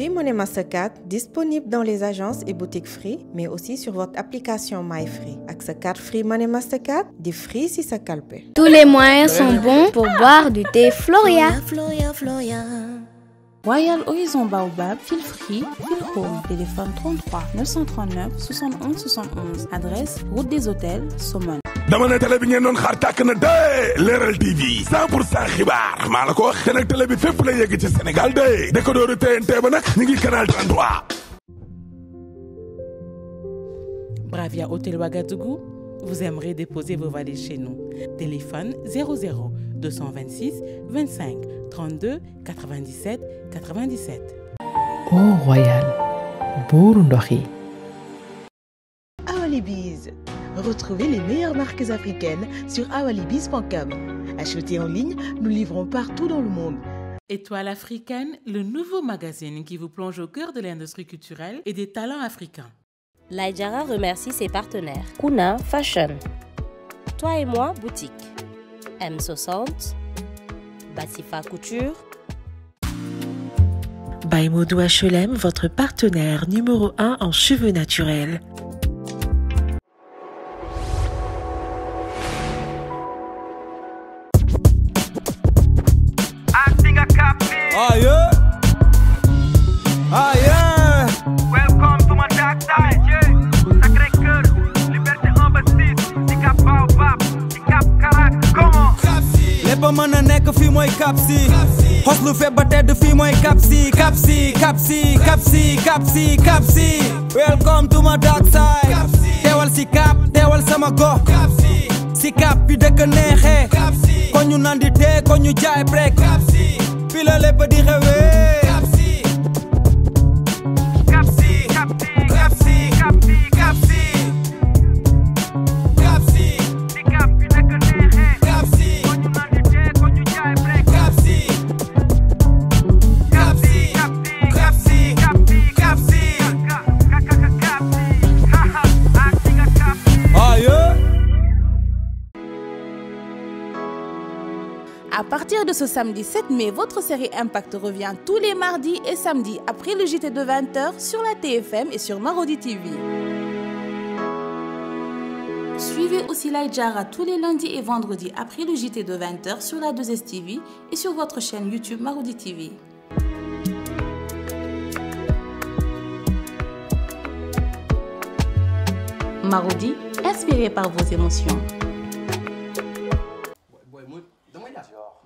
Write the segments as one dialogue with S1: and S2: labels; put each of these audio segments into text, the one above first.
S1: Free Money Mastercard disponible dans les agences et boutiques Free, mais aussi sur votre application MyFree. Avec Free Money Mastercard, des Free si ça calpe. Tous les moyens sont bons pour boire du thé Floria. Royal Horizon
S2: Baobab, feel free, feel home. Téléphone 33 939 71 71.
S1: Adresse Route des Hôtels, Saumon.
S3: dama ne télé bi ngeen doon xaar tàkk na de Leral TV 100 pour cent xibaar maa la ko wax te nag télé bi fépp la yegg ci Sénégal de décodeur TNT ba
S1: nag ñu ngi canal 33.
S4: Bravia
S2: Hôtel Ouagadougou, vous aimerez déposer vos valises chez nous. Téléphone 00 226 25 32 97 97.
S1: au royal
S2: Awalibiz. Retrouvez les meilleures marques africaines sur awalibiz.com. Achetez en ligne,
S3: nous livrons partout dans le monde.
S2: Étoile africaine, le nouveau magazine qui vous plonge au cœur de l'industrie culturelle et des talents africains.
S3: Laïdjara remercie ses partenaires.
S1: Kuna Fashion.
S3: Toi et moi, boutique. M60, Batifa Couture.
S1: By HLM, e votre partenaire numéro 1 en cheveux naturels. kapsi kapsi kapsi kapsi welcome to my dark side teewal si kap teewal sama gox si kap bi dëkk neexee ko ñu nandi tee ko ñu jaay brek la lépp di
S2: partir de ce samedi 7 mai, votre série Impact revient tous les mardis et samedis après le JT de 20h sur la TFM et sur Marodi TV. Suivez aussi Jara tous les lundis et vendredis après le JT de 20h sur la 2S TV et sur votre chaîne YouTube Marodi TV. Marodi, inspiré par vos émotions.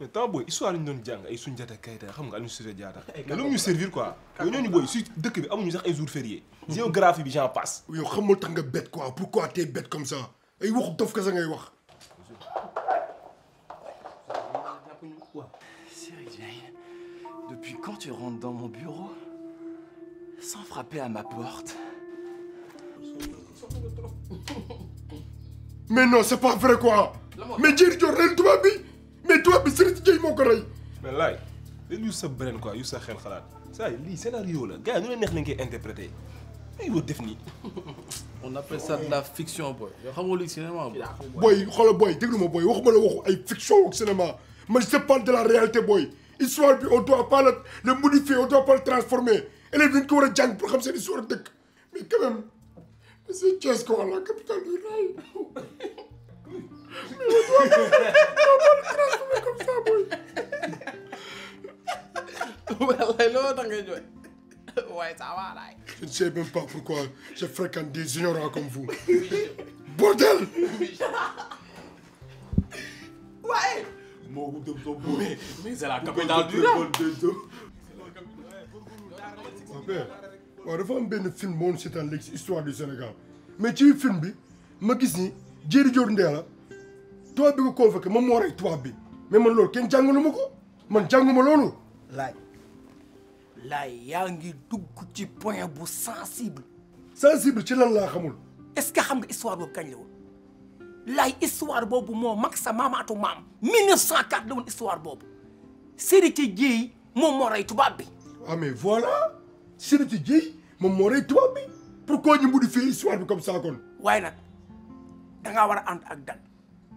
S3: mais temps boy, histoire jang ay xam nga tu mais servir quoi j'en passe bête quoi pourquoi t'es bête comme ça ay waxu tu ngay wax
S1: depuis quand tu rentres dans mon bureau sans frapper à ma porte
S5: mais non c'est pas vrai quoi mais jërëjëf de ma vie tubaab bi Serigne Ndiaye moo ko rey.
S3: mais les dañu sa beneen quoi yu sa xel xalaat saa yi scénario la gars yi ñu ne neex nañu koy interpréter aywa def nii. on appelle ça de la fiction boy yoo xam
S5: nga luy cinéma boy xoolal boy déglu ma boy waxuma la waxu ay fiction ak cinéma Mais je parle de la réalité boy histoire bi on doit pas le modifier on doit pas le transformer élèves dañ ko war
S1: a jàng pour comme seen histoire dëkk mais quand même c'est Thiès quoi la capitale du rail Mais on doit, on crasse comme ça,
S2: boy. Ouais, là, t'as gagné. Ouais, ça va, là.
S5: Je ne sais même pas pourquoi je fréquente des ignorants comme vous. Bordel
S1: Ouais Mon groupe de bourré, mais c'est la capitale du rap.
S5: Mon père, waaw dafa am benn film moo ñu seetaan léegi si histoire du Sénégal mais ci film bi ma gis ni Diery Dior Ndella tubaab bi ko convoqué mom mo ray tubaab bi mais man loolu ken jàngalu ma man janguma loolu.
S1: lay lay yaa ngi dugg ci point bu sensible. sensible ci lan la xamul. est-ce que xam nga histoire bob kagn la woon laay histoire bob mo mak sa maamaatu mam 1904 la woon histoire seri ci djey mom mo ray tubaab bi. ah mais voilà seri ci
S5: djey mom mo ray tubaab bi pourquoi ñu modifier histoire bi comme ça kon.
S1: waaye nag da nga wara a ak dal.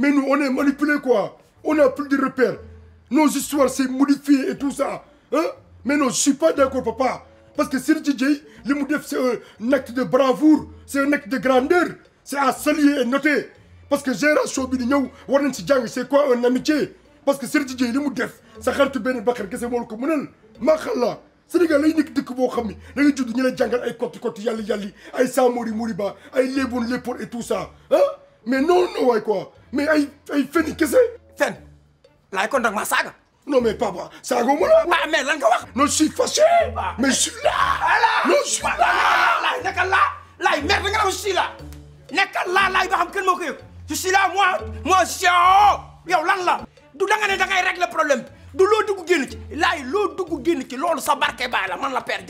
S5: Mais nous, on est manipulés, quoi. On n'a plus de repères. Nos histoires c'est modifiées et tout ça. Hein? Mais non, je ne suis pas d'accord, papa. Parce que Sir DJ, le Moudef, c'est un acte de bravoure, c'est un acte de grandeur. C'est à saluer et noter. Parce que Gérard Shobinio, Warren Sidjang, c'est quoi un amitié Parce que Sir DJ, le Moudef, ça a été bien bakar que c'est mon communal. Machallah. Sénégal lay C'est dëkk boo xam ni da ngay judd ñu lay jàngal ay de kott yàlla de ay saa mori mori ba ay la léppoon et tout ça Hein? mais non non waay quoi mais ay ay feni kese. fen laay kon nag maa saga.
S1: non mais papa saaga ma la. ah mais lan nga wax. non je suis fâché. mais je suis là. non je suis là. laay nekkal laa laay mer da nga ne je suis là. nekkal laa laay ba xam kenn moo ko yëg je suis là moi moi Géant yow lan la. du da nga ne da ngay régler problème bi du loo dugg génn ci laay loo dugg génn ci loolu sa barke baay la man la père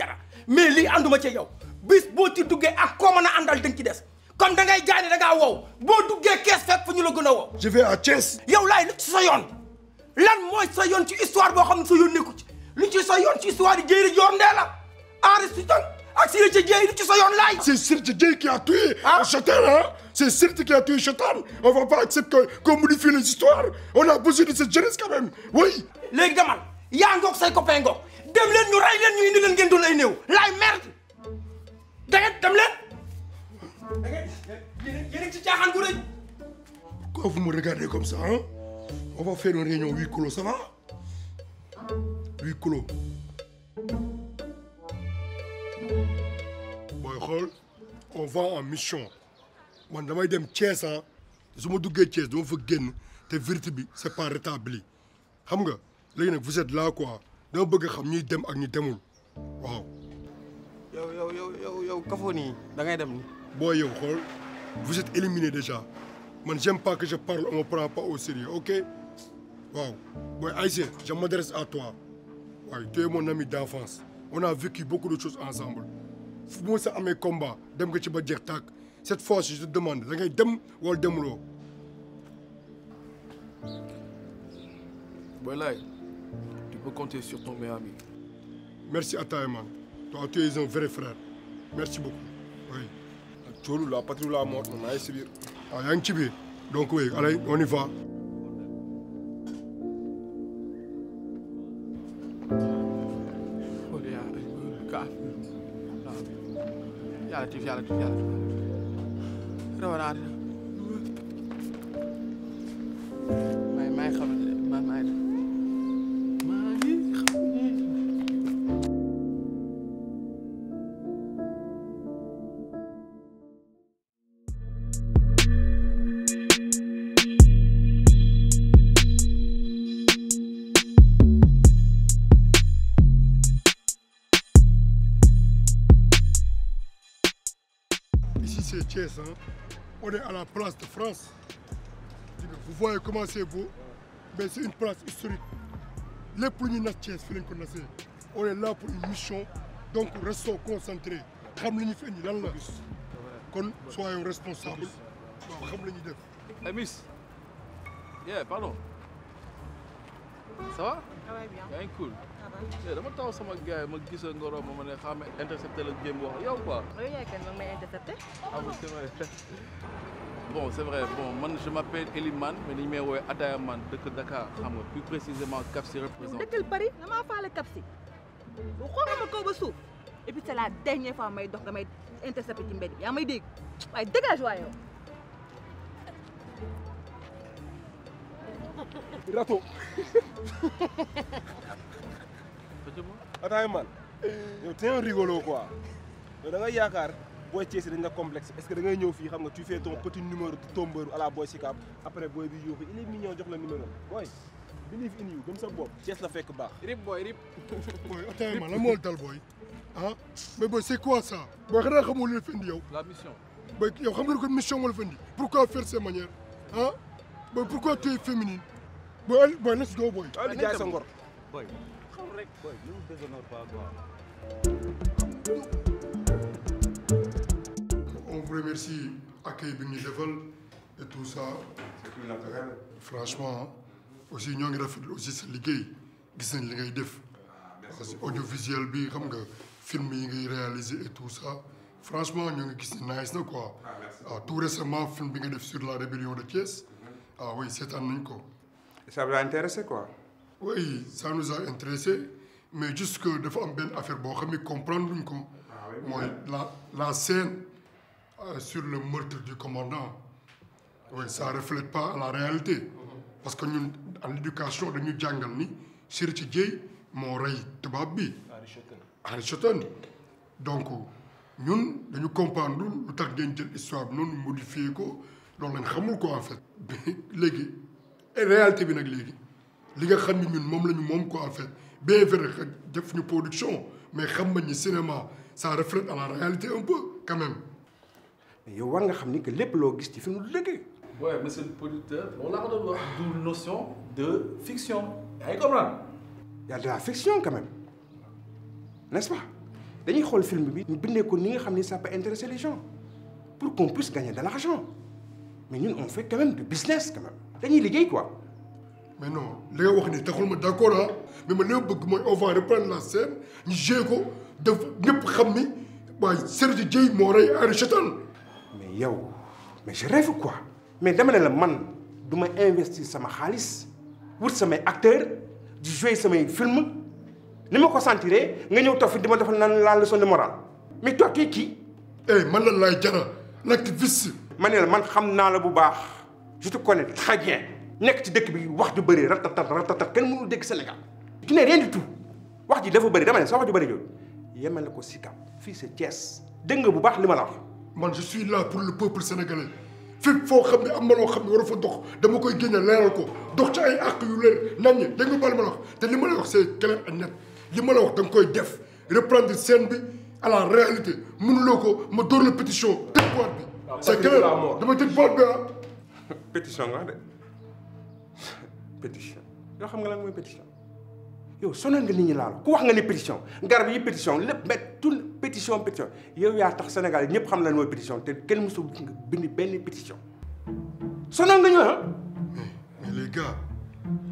S1: mais lii ànduma ci yow bis bo ci duggee ak ko meuna a dëng ci dess comme da ngay jaay da ngaa wow bo duggee kees fekk fu ñu la gëna a wow. je vais à Thiès. yow lay lu ci sa yoon lan moy sa yoon ci histoire bo xam sa yoon nekku ci lu ci sa yoon ci histoire yi Dieyri Dior Ndella la Henri Suzanne ak ci Dieye lu ci sa yoon lay c'est Siré Dieye qui a tué. ah chatan hein c'est Siré qui a tué chatan on va pas accepter qu'on modifie les histoires on a besoin de cette jeunesse quand même oui. léegi demal yaa ngoog say copain ngoog dem len ñu ray len ñu indi len ngeen doon ay néew lay merde da ngeen dem len pourquoi
S5: Quand vous me regardez comme ça hein? on va faire une réunion huit clos ça va Huit clos. on va en mission vais dem Je hein. dama fa vérité c'est pas rétabli vous êtes là quoi bëgg xam ñuy dem ak demul vous êtes éliminé déjà man j'aime pas que je parle on me prend pas au sérieux ok je m'adresse à toi tu es mon ami d'enfance on a vécu beaucoup de choses ensemble bon combat cette fois je te demande tu peux compter sur ton meilleur ami merci à toi tu es un vrai frère merci beaucoup
S3: Cholou la patrie ou la mort, on a essayé.
S5: Il y a un petit Donc oui, allez, on y va.
S2: Yalla tif, yalla tif, yalla tif.
S5: Hein. on est à la place de France. Vous voyez comment c'est beau. Mais c'est une place historique. Les premiers on est là pour une mission. Donc restons concentrés. Soyons responsables. Hey,
S2: eh, miss. Yeah, pardon. Ça va? bien. Bien cool. Eh, dama taw sama gars ma gis ngoro ma ne xam intercepter le game wax yow quoi. oui yaay kan ma may intercepté. ah oui c'est vrai bon c'est vrai bon man je m'appelle Eliman, mais ni may woowee Ataya Man dëkk Dakar xam nga plus précisément Cap représente. représenté. dëkkal
S1: Paris nga maa faale Bu si xoolal ma kaw ba suuf et puis c'est la dernière fois may dox nga may intercepté ci mbedd yaa may dégg waaye dégage waay yow.
S3: Rato. ataay man tu es un rigolo quoi yow da nga boy booy Thiès dañ la complexe est-ce que da ngay ñëw fii xam nga tu fais ton petit numéro de tombeur à la booy Sicap après boy bi yuuxu il est mignon jox la numéro Boy, believe in you Comme ça, bob. Thiès la que baax rip boy, rip booy ataay man la mool dal
S5: boy. Hein? mais boy, c'est quoi ça Boy, xanaa xamoo lu la fendi yow la mission Boy, yow xam nga ko mission wala fendi pourquoi faire ces manières Hein? Boy, pourquoi tu es féminine Boy, boy, let's go boy. jaay sa
S2: ngor Boy correct, quoi. nous ne nous déshonore pas quoi.
S5: On vous remercie accueil bi ñu et tout ça. c'est tout naturel. franchement aussi ñoo ngi rafetlu aussi ce liggéey gis nañ li ngay def. Ah, parce que audiovisuel bi xam nga film yi ngay réaliser et tout ça franchement nous ngi gis nice na quoi. Ah, ah tout récemment film bi nga def sur la rébellion de Thiès. Mhm. ah oui c'est nañ ko. ça vous a intéressé quoi oui ça nous a intéressé mais que the am ben affaire comprendre ah la scène euh, sur le meurtre du commandant. oui ça reflète pas la réalité. Uh-huh. parce que ñun en éducation dañu ni rey donc nous comprendre histoire ko la en réalité li nga xam ne ñun moom la ñu en fait bien que def ñu production mais xam que ni cinéma ça reflète à la réalité un peu quand même. mais yow war nga xam ni que lépp loo gis ci fi mu liggéey.
S6: oui monsieur le producteur on
S2: a ko doon notion de fiction.
S6: yaa ngi Il y a de la fiction quand même n'est-ce pas dañuy le film bi ñu bindee ko ni nga xam ça peut intéresser les gens pour qu'on puisse gagner de l'argent mais nous
S5: on fait quand même du business quand même dañuy liggéey quoi mais non li nga wax ni taxul ma d'accord ah, mais man li bëgg on va reprendre la scène ñu eu ko def ñëpp xam ni waaye Serigne Dieye moo rey Henri Chetan. mais yow mais je rêve quoi
S6: mais dama ne la man du ma investir sama xaalis wut samay acteurs di joué samay film ni ma ko sentiree nga ñëw toog fi di ma defal la leçon de morale mais toi tu es qui. eh man la Laye Diarra l'activiste. ma ne la man xam naa la bu baax je te connais très bien nek ci dëkk bi wax ju bëri ratatat ratatat kenn mënul dégg Sénégal. tu n'es rien du tout wax ji dafa bëri dama ne sa wax ju bëri jooju yemale ko Sicap fii c'est Thiès dégg nga bu baax li ma la wax.
S5: man je suis là pour le peuple sénégalais fépp foo xam ne am na loo xam ne war a fa dox dama koy génne leeral ko dox ci ay àq yu leer naññe dégg nga bal ma la wax te li ma la wax c'est clair et net li ma la wax da nga koy def reprendre scène bi à la réalité mënuloo ko ma door la pétition tëj boîte bi. Ah, c'est clair dama tëj boîte bi ah.
S6: pétition nga de pétition Yo xam nga lan moy pétition Yo sonal nga nit ñi laalo ku wax nga ni pétition ngar bi pétition lepp met tout pétition pétition yow ya tax Sénégal ñepp xam lan moy pétition té kenn musu nga bind benn pétition
S5: sonal nga ñu hein ah? mais mais les gars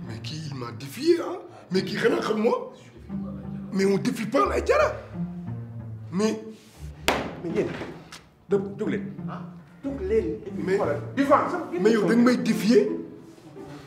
S5: mais qui il m'a défié hein mais qui xanaa xam moi mais on défie pas la Diarra mais. mais yéen dë jóg leen. ah hein? jóg leen. mais xoolal mais yow da may défier.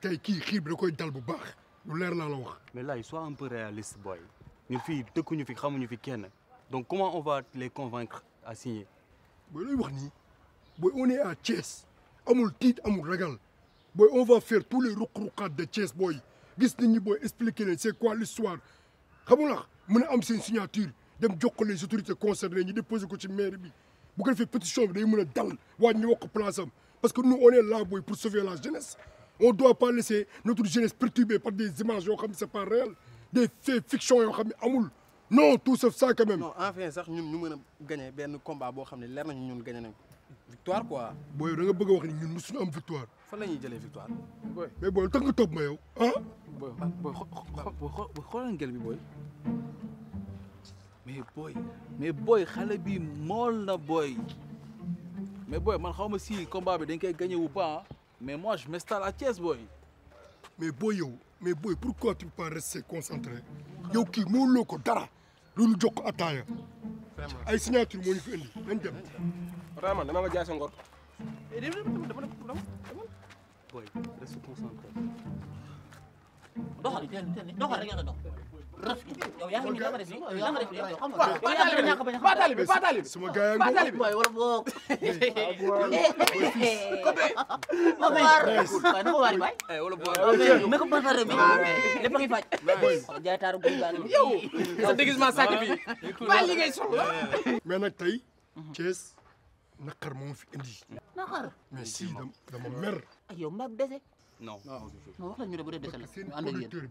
S5: tey kii xiib da koy dal bu baax lu leer laa la wax.
S2: mais là il sois un peu réaliste boy ñun fii dëkkuñu fi xamuñu fi kenn donc comment on va les convaincre à signer.
S5: booy looy wax nii booy on est à Thiès amul tiit amul ragal booy on va faire tous les ruq-ruqaat de Thiès booy gis nit ñi boy, expliquer leen c'est quoi l'histoire xam nga mën am seen signature dem jox ko les autorités concernées ñu déposer ko ci mairie bi bu ko defee pétition bi day mën a dal waa ñu wax place am parce que nous on est là boy, pour sauver la jeunesse on doit pas laisser notre jeunesse perturbée par des images yoo xam c'est pas réel des faits fiction yoo xam ne non tout sauf ça quand même. non
S1: enfin sax ñun ñu mën a gagné benn combat boo xam ne leer ñun gagné nañ victoire quoi. Boy, da nga bëgg a wax ni ñun mosuñu am
S5: victoire.
S2: fan la ñuy jëlee victoire.
S5: mais boy, tax nga topp ma yow ah.
S2: Boy, boy, xo xoolal ngel bi booy. mais boy, mais boy, xale bi mool na booy mais booy man xaw ma si combat bi dañ koy gagné ou pas
S5: hein. Mais moi, je m'installe à la pièce. boy. Mais boy, yo, mais pourquoi tu peux pas rester concentré Yo, qui Tu dara, joko ataya. Ay signature mo ni fi indi, dem.
S3: Vraiment, dama Boy,
S1: yow yaa ngi nii dama def nii yow dama def nii yow xam nga. waaw Fatal bi Fatal bi
S6: Fatal bi. suma gars yi ak moom
S3: wala boog.
S1: ma waar waaye na ma waar waay.
S2: wala boog mais
S1: ko bëri rek mais lépp a ngi faj. jaay taaru guy baa ngi. yow sa déguisement sàcc bi
S5: baa li ngay soxla. mais nag tey. Thiès naqar moo fi indi. naqar. mais si dama mer.
S1: yow mbaa dese. non non wax la ñu ne bu dee dese la ñu ànd ak yéen.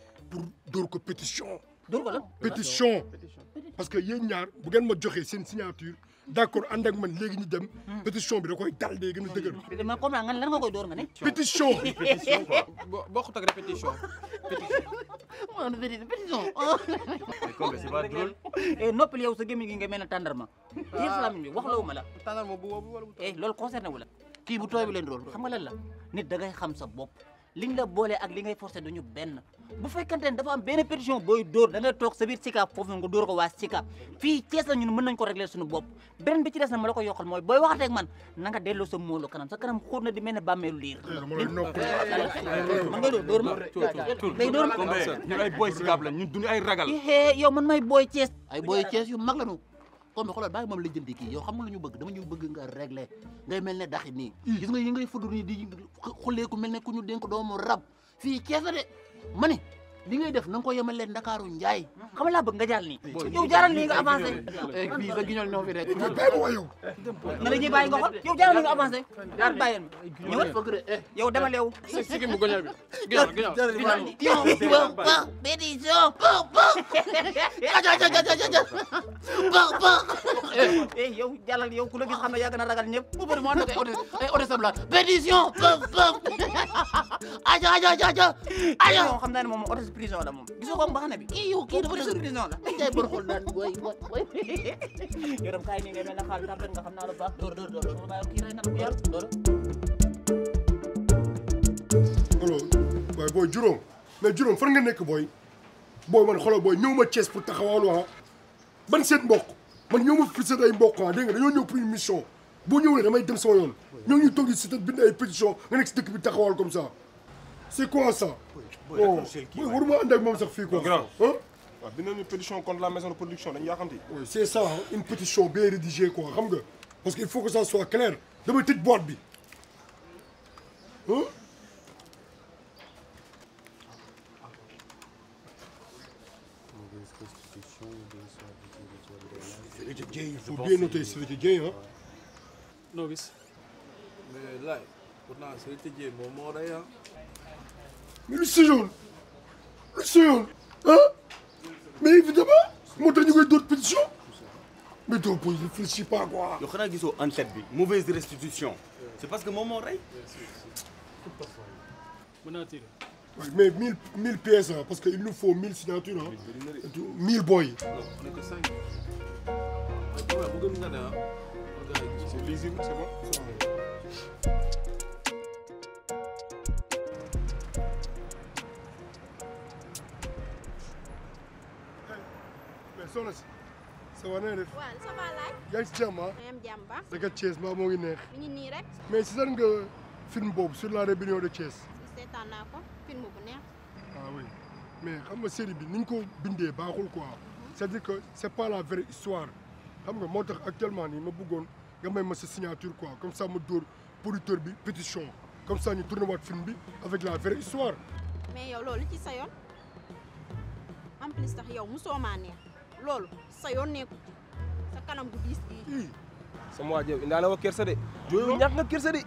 S5: pour dóor ko pétition. dóor ko lan pétition. parce que yéen ñaar bu ngeen ma joxee seen signature d' accord ànd ak man léegi ñu dem. Hmm. pétition bi da koy dal day gën a dëgër.
S1: a comme lan nga koy dóor nga ne. pétition pétition quoi. boo bokkut ak répétition. pétition. pétition. comme c'est pas drôle. Eh, noppali yow sa gémmiñ gi nga mel ne tàndarma. waaw yéen flamme bi ah, waxlawu ma la. tàndarma bu wóobu wala bu tooy. Eh, loolu concerné wu la kii bu tooy bi leen doon xam nga lan la nit da ngay xam sa bop liñ la boole ak li ngay forcé ñu benn. bu fekkante ne dafa am benn pétition booy dóor da ngay toog sa biir Sicap foofu nga dóor ko waa Sicap fii Thiès la ñun mën nañ ko régler suñu bopp beneen bi ci des na ma ko yokkal mooy booy waxatee ak man na nga delloo kanam sa kanam xóot di mel ne bàmmeelu liir man ngay ma day dóor ma ñun ay la ñun duñu ay ragal xam nga lu ñu dama bëgg nga régler ngay mel ne daxi nii gis nga yi ngay fudur nii di xulleeku mel ne ku ñu dénk doomu rab fii Thiès la de money li ngay def na nga ko yemale Ndakaaru Njaay. xam nga laa bëgg nga jaar nii. yow jaaral nii nga avancé. Eh, fii sa giñol ñoo fi rek. na la ñuy bàyyi nga xool yow jaaral nii nga avancé. jaar bàyyeen ñëwal eh. yow demal yow. sikki mu goñal bi giñol giñol giñol. yow bon bon bédiso bon bon. gaja gaja gaja bon bon. eh yow jàllal yow ku la gis xam ne yàgg na ragal ñëpp. bu bëri moo nekk ay oto sam la bédiso bon bon. aja aja aja aja. yow xam naa ne moom prison la mom gisoo ko mbaxana bi kii ki dafa dëgg prison la tey bor xol daan boy boy booy yow dem kaay ngay mel xal xaal nga xamna la bax door door door ma bàyyi kii rey na ko yar door
S5: allo boy booy juróom mais juróom fan nga nek boy boy man xolo boy ñëw ma Thiès pour taxawal ah ban seen mbokk man ñëw ma fi ay mbokk ah nga dañu ñëw pour une mission boo ñëwee damay dem sama yoon ñoo ñu toog ci si bind ay petition nga nek ci dëkk bi taxawal comme ça c'est quoi ça. Oui. Oui, oui. Oui, oui, sax Oui, quoi. grand c'est hein? pétition contre la maison de production oui c'est ça hein. une pétition bien rédigée quoi parce qu'il faut que ça soit clair ma petite boîte hein? bien noter
S2: mais là, pour la
S5: mon mais c'est jaune. Mais c'est Mais évidemment, Montagne a d'autres pétitions. Mais toi, pour réfléchit pas quoi.
S2: Il y a un en tête, mauvaise restitution. C'est parce que maman règne oui,
S5: mais 1000 pièces, hein, parce qu'il nous faut 1000 signatures. 1000 boys.
S2: on n'est que 5.
S3: C'est plaisir, c'est bon.
S5: soxna si ça va na def.
S1: waaw ça va laaj.
S5: yaa ngi si jàmm ah. yaa ngi neex. mi ngi rek. mais si seen nga film bob sur la rébellion de Thiès. C'est naa ko film bu neex. ah oui mais xam nga série bi ni ñu ko bindee baaxul quoi. Mhm. c'est-à-dire que c'est pas la vraie histoire xam nga montre actuellement nii ma bëggoon nga may ma sa signature quoi comme ça ma dóor producteur bi pétition comme ça ñu tourné waat film bi avec la vraie histoire.
S1: mais yow loolu ci sa yoon en plus tax yow musoo maa neex. Lol, sa yoon nekku sa kanam gu bis bi
S3: sama waa jëw indaale wa kersa de jooyu ñak nga kersa de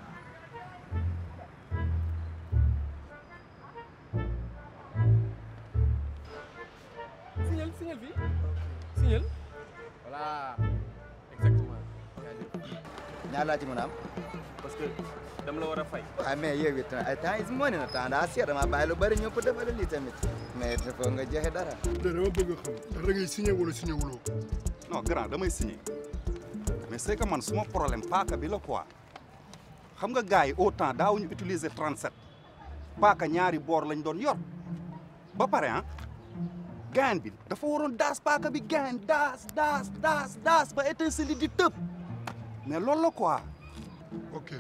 S4: signal signal bi signal voilà exactement ya, ya ñaa laa ci mën a am parce que dama la war fay waaw ah, mais yow it
S1: ay temps is money na temps daa seet dama bàyyi lu bëri ñëpp defal lii tamit mais dafa nga joxe dara da dama bëgg xam ndax ngay signé wala signé wuloo non grand damay signé
S6: mais c'est que man suma problème paaka bi la quoi xam nga gars yi au temps daawuñu utiliser 37 paaka ñaari boor lañ doon yor ba pare ah
S5: gaan bi dafa waroon daas paaka bi gaan daas daas daas daas ba étincelle di tëb mais loolu la quoi. ok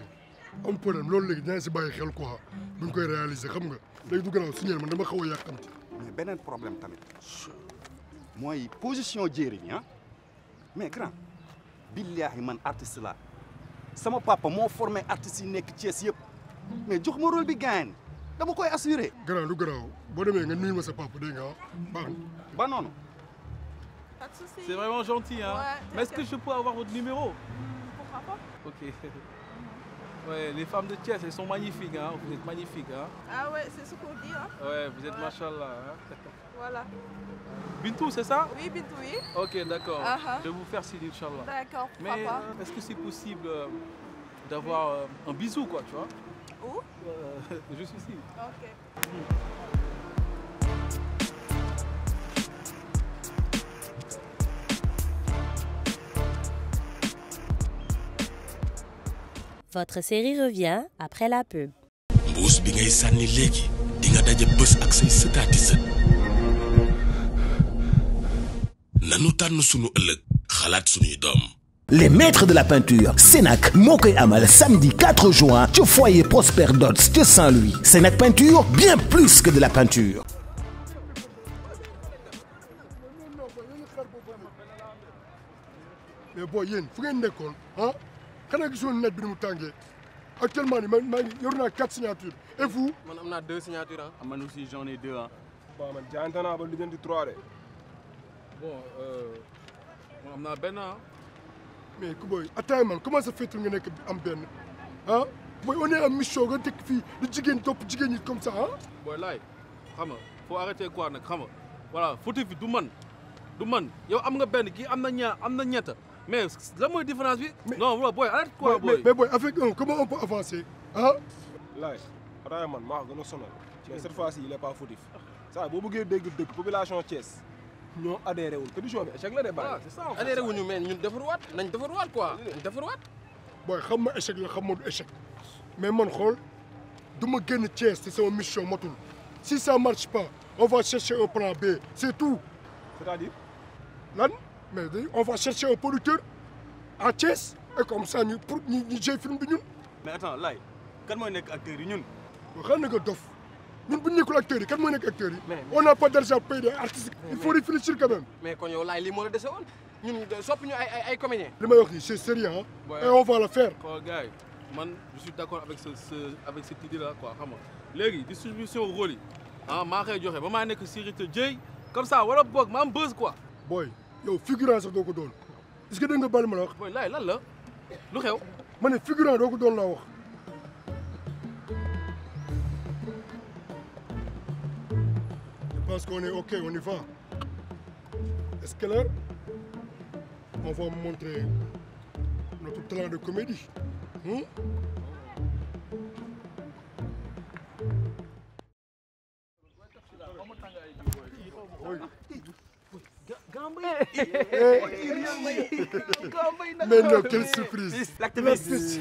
S5: am problème loolu léegi dinaa ci baye xel quoi buñ koy réaliser xam nga léegi du gannaaw si man dama xaw a yàqamti.
S6: mais benen problème tamit moy position jëriñ ah mais grand billahi man artiste la sama papa mo formé artiste yi nekk Thiès yépp mais jox ma
S5: rôle bi gaañ dama koy assurer grand du garaaw bo démé nga nuyul ma sa papa dé nga baax ba noonu.
S2: C'est vraiment gentil, hein. Ouais, Mais est-ce que je peux avoir votre numéro Ok. Ouais, les femmes de Thiès, elles sont magnifiques, hein. vous êtes magnifiques. Hein. Ah ouais, c'est ce qu'on dit. Hein. Ouais, vous êtes machallah. Hein. Voilà. Bintou, c'est ça Oui, Bintou, oui. Ok, d'accord. Ah, ah. Je vais vous faire signe, Inch'Allah. D'accord, Mais est-ce que c'est possible euh, d'avoir euh, un bisou, quoi, tu vois Où euh, Je suis ici. Ok. Hmm.
S1: Votre série revient après la pub. Les maîtres de la peinture, Sénac, Moké Amal, samedi 4 juin, tu foyer Prosper Dots de Saint-Louis. Sénac Peinture, bien plus que de la peinture
S5: ne pas actuellement man quatre signatures et vous.
S2: man am deux signatures Je hein. ah, aussi j'en ai deux hein.
S3: bon man ba trois
S2: euh, hein.
S5: mais comment ça fait am benn ah on est mission di top, comme ça
S2: Il faut arrêter quoi voilà arrêter. de du man du man yow am nga benn Il faut arrêter mais la mooy différence
S3: bi. non non booy arrête quoi boy. mais
S5: boy, avec un comment on peut avancer Hein
S3: Là, rajo man maa ko gën mais cette fois-ci il est pas fautif. ça boo bëggee dégg dëgg population Thiès ñoo adhéré wul pétition bi échec la de bari. Ah, adhéré wuñu mais ñun defaruwaat nañ defaruwaat quoi
S5: ñu defaruwaat. booy xam ma échec la xam ma du échec mais mon xool du ma génn Thiès c'est sama mission matul si ça marche pas on va chercher un plan B c'est tout. c'est-à-dire lan mais on va chercher un producteur à Thiès et comme ça nous pour nous nous jël film
S2: mais attends là quand moi nekk acteur yi ñun.
S5: xam nga dof ñun bu pas nekkul acteurs yi on est nekk acteurs yi. on n'a pas d'argent pour payer artistes. il faut réfléchir quand même.
S4: mais quand yow a lii moo la dese woon ñun soppi ñu ay ay ay comédiens.
S5: wax c'est sérieux hein et on va le faire.
S2: xool gars man je suis d'accord avec ce ce avec cette idée là quoi xam nga léegi distribution rôle yi ah maa koy joxe ba maa nekk Serigne Jay comme ça wala boog ma am buzz quoi.
S5: boy. Yo, figurant ça doo est-ce que tu as bal ma la wax. là, là. là la xew. Mané figurant doko don wax. je pense qu'on est ok on y va est-ce que là on va montrer notre talent de comédie. Hmm?
S1: Mais non, quelle surprise! L'activiste!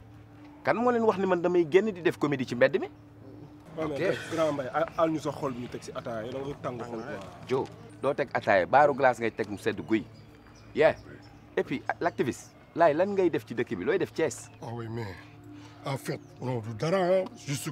S4: kan moo leen wax ni man damay génn di def comédie ci mbedd mi.
S3: ok grand Mbaye al ñu sa xol ñu teg si ataaya yow da nga tàng xol quoi.
S4: doo teg ataaya baaru glace ngay teg mu sedd guy. yaa et puis l'activiste laay lan ngay def ci dëkk bi looy def Thiès. ah oui mais
S5: en dara juste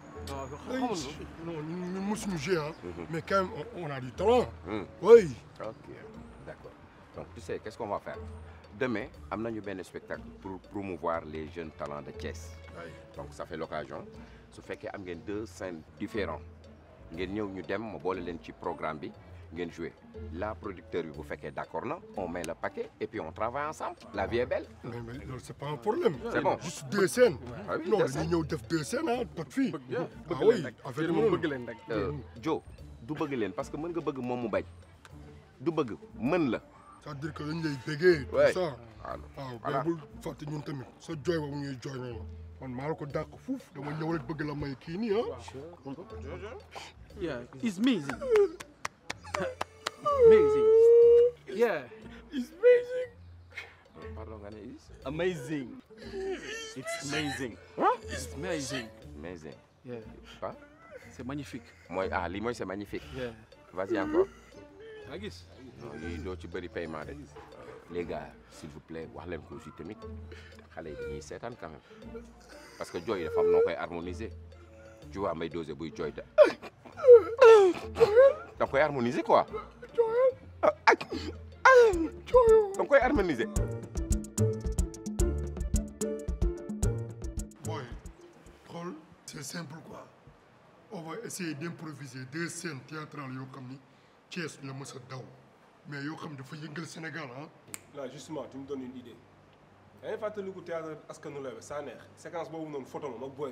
S5: Non, nous nous hein. mhm. mais quand même, on, a du talent. Mhm. Oui.
S4: Ok, d'accord. Donc, tu sais, qu'est-ce qu'on va faire Demain, nous avons un spectacle pour promouvoir les jeunes talents de Thiès. Donc, ça fait l'occasion. Ce fait qu'il y a deux scènes différentes. Nous avons dem, programme ngeen joué la producteur bi bu fekkee d'accord non on met le paquet et puis on travaille ensemble la vie est belle.
S5: mais mais loolu c'est pas un problème. c'est bon juste deux scènes. ah oui deux scènes non dañuy ñëw def deux scènes hein, ah toog fii. ah oui avec bi moom bëgg leen rek. Euh,
S4: jo du bëgg leen parce que mën nga bëgg moom mu bañ du bëgg mën la.
S5: c'est-à-dire que dañ lay bégee. tout ça waaw ah ah, mais bul fàtte ñun tamit sa jooy boobu ñuy jooy noonu. man maa la ko dàq fuuf dama ñëw rek bëgg la may kii nii ah. yeah it's me. amazing. Yeah. It's amazing.
S2: Pardon, It's amazing. It's amazing. Huh? It's amazing.
S4: Amazing. Yeah. Quoi? C'est magnifique. Moi, ah, li moi c'est magnifique. Yeah. Vas-y encore. yaa gis non yii doo ci bëri paiement de les gars s'il vous plaît wax leen ko aussi tamit xale yi dañuy quand même parce que jooy dafa am noo koy harmoniser tu vois may dosé buy jooy da T'as quoi harmoniser quoi. T'as quoi harmoniser.
S5: Oui, c'est simple quoi on va essayer d'improviser deux scènes théâtrales yoo comme ni Thiès la Mais a daw mais faut y aller au Sénégal hein
S3: là justement tu me donnes une idée. yaa ngi fàttaliku théâtre askanu la sa neex séquence boobu noonu photo ma mag une photo.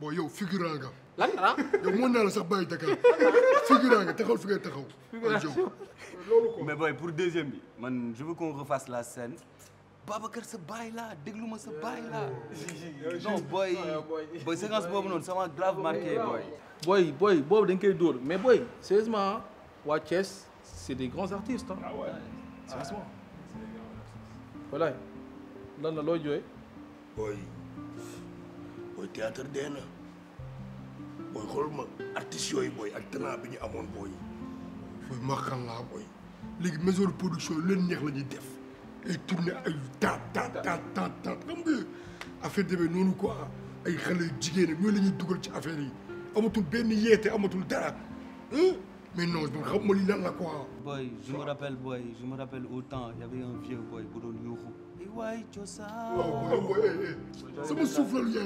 S5: bon yow figurant nga. lan la yow mën naa la sax bàyyi Dakar figurant nga taxaw fi ngay taxaw.
S1: figuration ko.
S2: mais boy pour deuxième bi man je veux qu'on refasse la scène.
S1: Babacar sa baye laa déglu sa baye là non boy boy séquence
S2: non ça m'a grave marqué boy. boy boy bobu dañ koy dóor mais boy sérieusement wa Thiès c'est des grands artistes ah. ah ouais sérieusement.
S3: voilà lan la loo jooy. boy
S5: booy théâtre dee na booy xool ma artistes yooyu ak talent biñu amone boy booy booy la boy ligue léegi maison de production leen neex lañu def ay tourner ay ta ta ta ta taat xam nga affaire demee noonu quoi ay xalé jigéen ñi lañu duggal ci affaire yi amatul ben yété amatul dara hein?
S1: mais non man xam ma lii lan la quoi.
S2: boy je me rappelle boy je me rappelle au temps y avait un vieux boy bu doon yuuxu.
S1: C'est mon souffle qui ẹ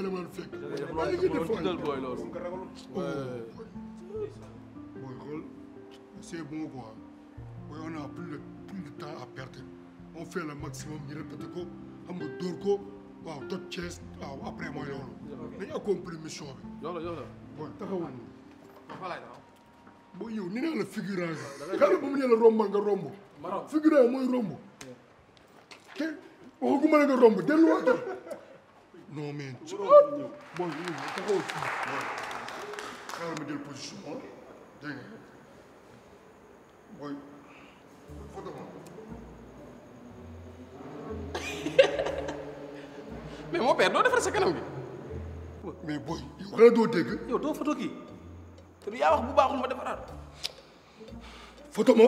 S5: c'est bon on a plus de, de temps à perdre on fait le maximum compris le ko on nga ko waaw chaise après moi bon. il accompli bon, bon figurant figurant waxaguma é que nga romb delluwaatal non mais ci bon taxaw xaaral ma jël position dégg
S1: nga booy photo ma mais mon père doo defar sa kanam bi mais booy yow xanaa doo dégg yow doo photo kii te du yaa o bu baaxul ma defaraat
S5: photo ma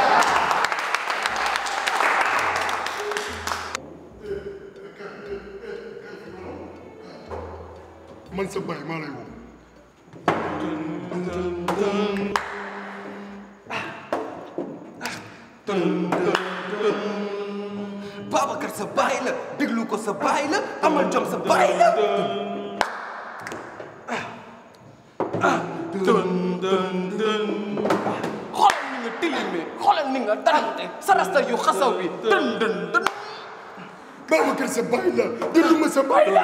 S5: man sa baay maa lay woo.
S1: Babacar sa la déglu ko sa baay la amal jom sa la. xoolal ni nga tilimee xoolal ni nga darante xasaw bi dën dën dën. la déglu ma sa baay la.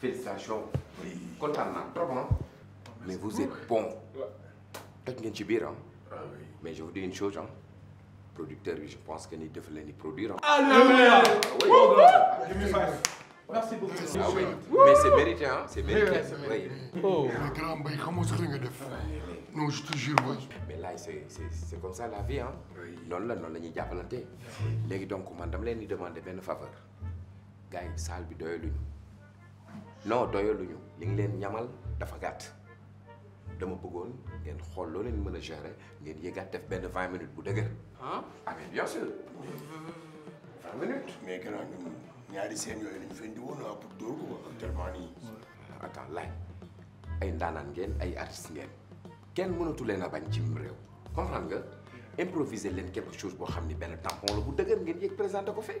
S4: félicitations. oui kontaan hein? naa trop bon. Hein? mais vous êtes bon. toj ngeen ci biir hein? ah mais je vous dis une chose hein. producteur je pense que ni def leen di produire ah. alléluia. Oh, merci beaucoup. ah oui mais c'est mérité hein. c'est mérité. oh. grand mbay xamoo
S5: sax li nga def. non je te jure waay.
S4: mais là c'est c'est comme ça la vie ah. non, là, noonu la ñuy jàppalante. léegi donc man dama leen di demander benn faveur. gars yi salle bi doyaluñu. non ñu li ngi leen ñamal dafa gàtt dama bëggoon ngeen xool loo leen mën a gérer ngeen yëgaat def benn vingt minutes bu dëgër.
S5: ah mais mais gannaaw ñun
S4: ñaari seen yooyu lañu fee di ah, ay ndaanaan ngeen ay artistes ngeen kenn mënatu leen a bañ ci réew comprendre nga improviser leen quelque chose boo xam ni benn tampon la bu dëgër ngeen yëg présenté ko fee.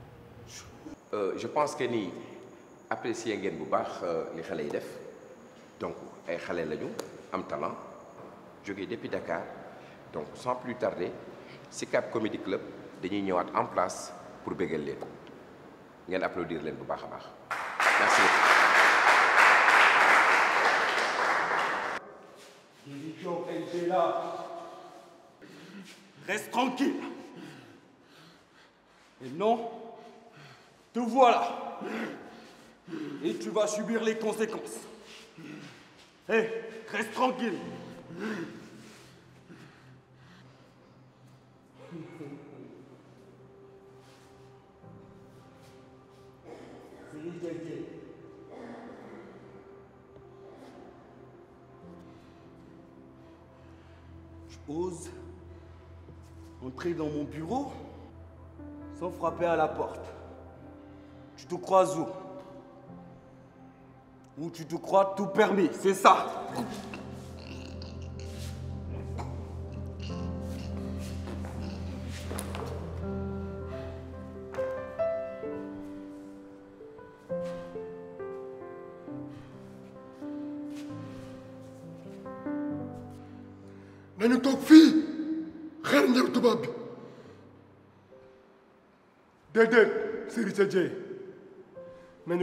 S4: Euh, je pense que nous apprécions les bu baax euh, li un donc ay talent depuis Dakar donc sans plus tarder Cap Comedy Club dañuy ñëwaat en place pour bégal leen applaudir Les bu merci
S1: Reste tranquille. Et non, te voilà Et tu vas subir les conséquences. Hé, reste tranquille J'ose entrer dans mon bureau sans frapper à la porte te crois où Où tu te crois tout permis, c'est ça.
S5: Mais nous fii xel njël de Dédé, série Richard Dieye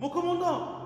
S1: Mon commandant,